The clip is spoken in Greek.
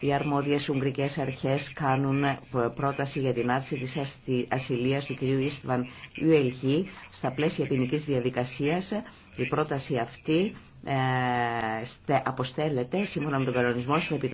Οι αρμόδιες ουγγρικές αρχές κάνουν ε, πρόταση για την άρση της ασυλίας του κ. Ιστβαν Ιουελχή στα πλαίσια ποινική διαδικασίας. Η πρόταση αυτή ε, αποστέλλεται σύμφωνα με τον κανονισμό στην